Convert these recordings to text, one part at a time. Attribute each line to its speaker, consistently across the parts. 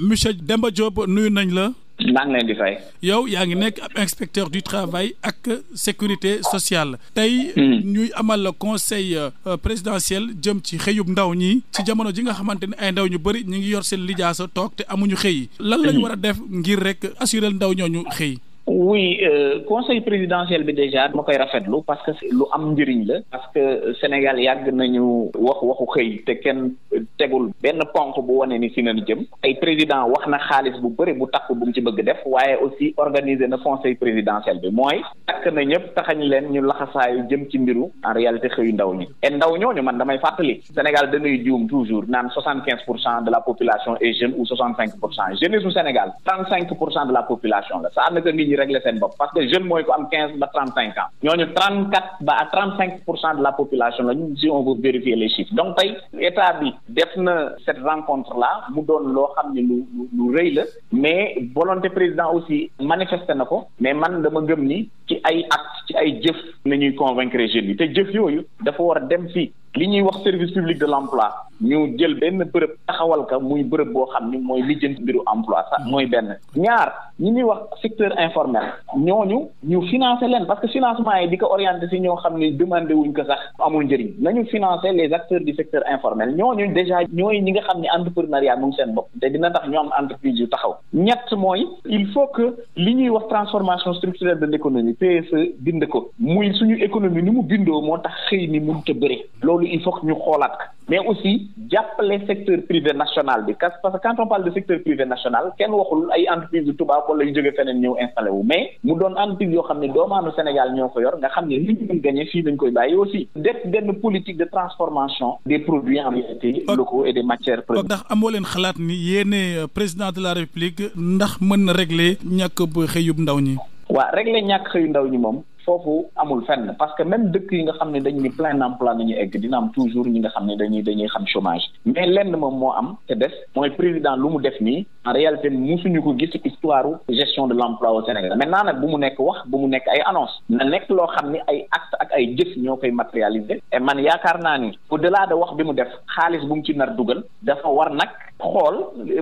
Speaker 1: monsieur Demba Diop nuyu nañ la. maa yow yaa ngi nekk ab inspecteur du travail ak sécurité sociale. tey. Hmm. ñuy amal la conseil euh, présidentielle jëm ci xëyub ndaw ñi. ci jamono ji nga xamante ne ay ndaw ñu bëri ñu ngi yor seen lijaasa toog te amuñu xëy. lan lañu hmm. war a def ngir rek assurer ndaw ñooñu xëy.
Speaker 2: oui euh, conseil présidentiel bi déjà dama koy rafetlu parce que lu am njëriñ la parce que Sénégal yàgg nañu wax waxu xëy te kenn tegul benn ponk bu wane ni si nañu jëm ay président wax na xaalis bu bëri bu takk bu mu ci bëgg def waaye aussi organiser na conseil présidentiel bi mooy takk na ñëpp taxañ leen ñu laxasaayu jëm ci mbiru en réalité xëyu ndaw ñi et ndaw ñooñu man damay fàttali Sénégal dañuy juum toujours naan soixante quinze pour cent de la population est jeune pour cent jeunesse su Sénégal trente cinq pour cent de la population réglé seen bopp parce que jeune mooy ko am quinze ba trente cinq ans ñooñu trente quatre ba à trente cinq pour cent de la population la si on veut vérifier les donc tey état bi def na cette rencontre là mu doon loo xam ne lu lu rëy la mais volonté président aussi manifesté na ko mais man dama gëm ni ci ay actes ci ay jëf nañuy convaincre jeunes yi te jëf yooyu dafa war a dem fii li ñuy wax service public de l'emploi ñu jël benn bërëb taxawal ka muy bërëb boo xam ni mooy lijjanti mbiru emploi sax mooy benn ñaar ñi ñuy wax secteur informel ñooñu ñu financer leen parce que financement yi di ko orienté si ñoo xam ni demandé wuñ ko sax amul njëriñ nañu financer les acteurs di secteur informel ñooñu déjà ñooy ñi nga xam ni entrepreneuriat mu ngi seen bopp te dina tax ñu am entreprise yu taxaw ñett mooy il faut que li ñuy wax transformation structurelle jënd ko muy suñu économie ni mu bindoo moo tax xëy ni mënut a bëre loolu il faut ñu xoolaat mais aussi jàppale secteur privé national bi parce que quand on parle de secteur privé national kenn waxul ay entreprise yu tubaab wala yu jóge feneen ñëw installé wu mais mu doon entreprise yoo xam ne doomaanu Sénégal ñoo ko yor nga xam ne li ñu mën gagné fii lañ koy bàyyi aussi def benn politique de transformation des produits en réalité locaux et des matières
Speaker 1: amoo leen xalaat ni yéene euh, président la république ndax mën na régler ñàkk bu xëyub ndaw ñi
Speaker 2: waa régler ñàkk xëyu ndaw ñi moom foofu amul fenn parce que même dëkk yi nga xam ne dañ ni plein emploi nañu egg dina toujours ñi nga xam ne dañuy dañuy xam chômage mais lenn moom moo am te des mooy président lu mu def nii en réalité musuñu ko gis histoire gestion de l' emploi au Sénégal maintenant nag bu mu nekk wax bu mu nekk ay annonce na nekk loo xam ni ay acte ak ay jëf ñoo koy matérialiser et man yaakaar naa ni au delà de wax bi mu def xaalis bu mu ci nar dugal dafa war nag xool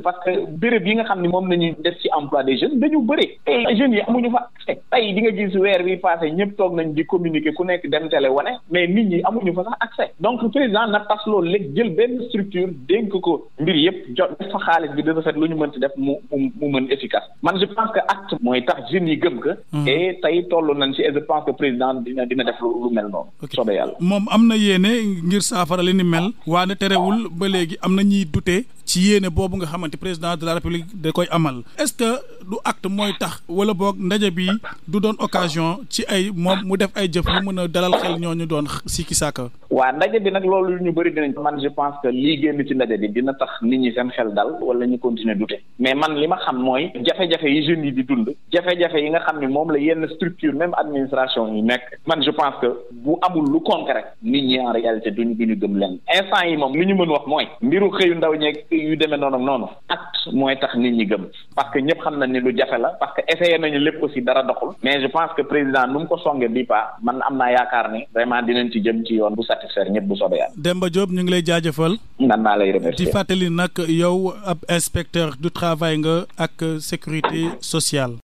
Speaker 2: parce que béréb yi nga xam ne moom na ñu def ci emploi des jeunes dañu bëri te jeunes yi amuñu fa accès tey di nga gis weer bi passé ñëpp toog nañ di communiquer ku nekk dem télé wane mais nit ñi amuñu fa sax accès donc président na tas loolu léegi jël benn structure dénk ko mbir yëpp jot def fa xaalis bi dafa fet lu ñu mënti def mu mu mën efficace man je pense que acte mooy tax jeunes yi gëm ko hmm. et tey toll nañ ci et je pense que président dina dina def lu mel noonu soobee
Speaker 1: moom am na yéene ngir saafara li ni mel waane terewul ba léegi am na ñuy dute ci yéene boobu nga xamante président de la république da koy amal est-ce que du acte mooy tax wala boog ndaje bi du doon occasion ci ay moom mu def ay jëf lu mën a dalal xel ñu doon sikki sàkka
Speaker 2: waa ndaje bi nag loolu ñu bëri dinañ man je pense que lii génn ci ndaje bi dina tax nit ñi seen xel dal wala ñu continuer douter mais man li ma xam mooy jafe yi jeunes yi di dund jafe-jafe yi nga xam ne moom la yenn structure même administration yi nekk man je pense que bu amul lu concret nit ñi en réalité duñu duñu gëm leen instant yi moom li ñu mën wax mooy mbiru xëyu ndaw ñeeg yu demee noonu ak noonu acte mooy tax nit ñi gëm parce que ñëpp xam na ni lu jafe la parce que essayé nañu lépp aussi dara doxul mais je pense que président nu mu ko songe bi pas man am naa yaakaar ni vraiment dinañ ci jëm ci yoon bu satisfaire ñëpp bu soobee yàlla.
Speaker 1: Demba Diop ñu ngi lay jaajëfal. di fàttali nag yow ab inspecteur du travail nga ak sécurité sociale.